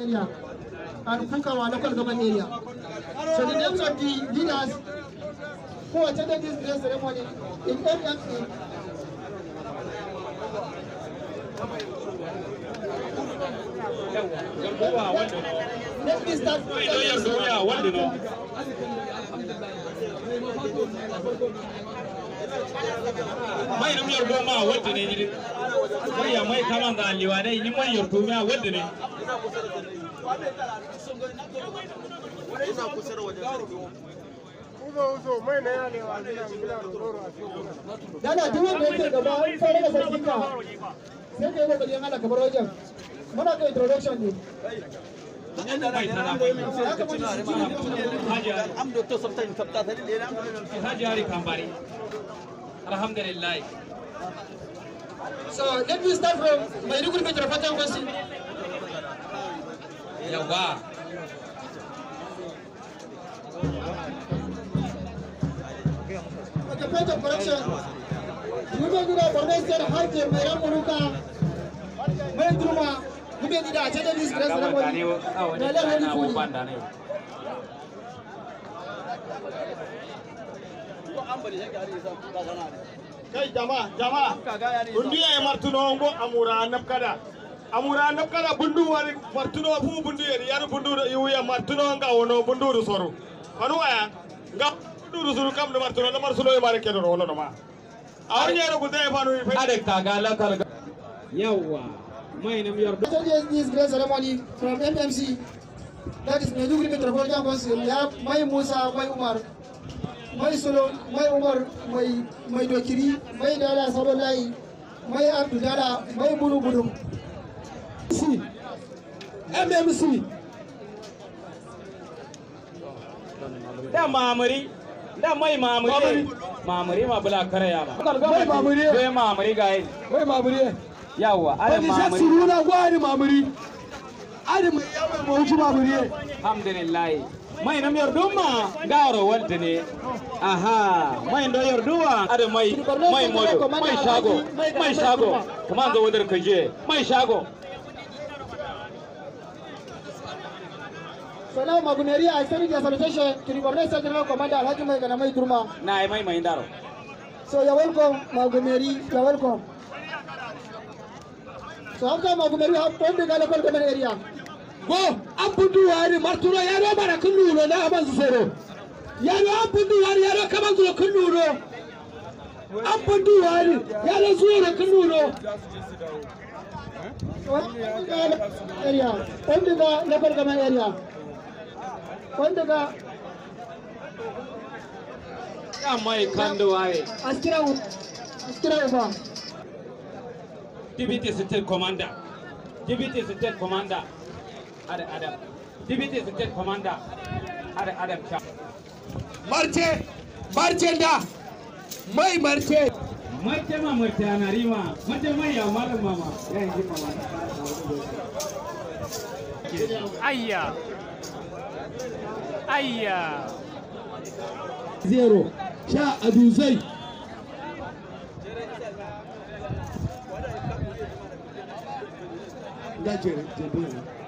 area and Kukawa local government area. So the names of the leaders who attended this dress ceremony in MMC. Let me start with from mai nam yorgo ma wadde ne yidi mai mai kama da liwane ni mai yorgo ma wadde ne ina kusa da yake gaba an fara da sarki ka sai ka yi kokari an halaka bar wajen muna kai introduction ne I'm Dr. Alhamdulillah. So let me start from Yawa. Okay, point of correction. Muruka kai jama'a jama'a bundiya ya martuno ngo amura napkada amura napkada bundu wari martuno fu bundu yeri yar bundu yuya martuno nga wono bundu soru kanu waya nga bundu soru kam martuno na marsulo e mare kedo wono ma awon yero gudde e fanu fe ade ga la ga yawa mai nam yardo this great ceremony from mmc that is Maiduguri Metropolitan Council ya mai Musa mai Umar mai solo mai umar mai dokiri mai dala sabon layi mai abdu dala mai buru-buru mmc da mamuri da mai mamuri mamuri ma bula karaya ba mai mamuri bai mamuri ga yi mai mamari yawa mamuri ba mamari siruna gwari mamari are mai yawon mahuci mamari alhamdulillah mai ga yorduma garo ne. aha mai ndo yorduwa ada mai mai modo mai shago mai shago kuma ga wadar kaje mai shago salamu maguneri a sami da salutation to the coordinator general commander alhaji mai kana mai durma na mai mai daro so you welcome maguneri you welcome so after maguneri have to the local government area go an bundu wari martuno yaro bara kulluno na aman zoro yaro an bundu wari yaro kaman zoro kulluno an bundu wari yaro zoro kulluno area on daga labar gama area on daga ya mai kando waye askira askira uba deputy state commander deputy state commander Adam Adam. Deputy State Commander Adam Marte, da, mai Marte. Marte ma Marte ana rima, Marte mai ya malam mama, ya yi Zero, sha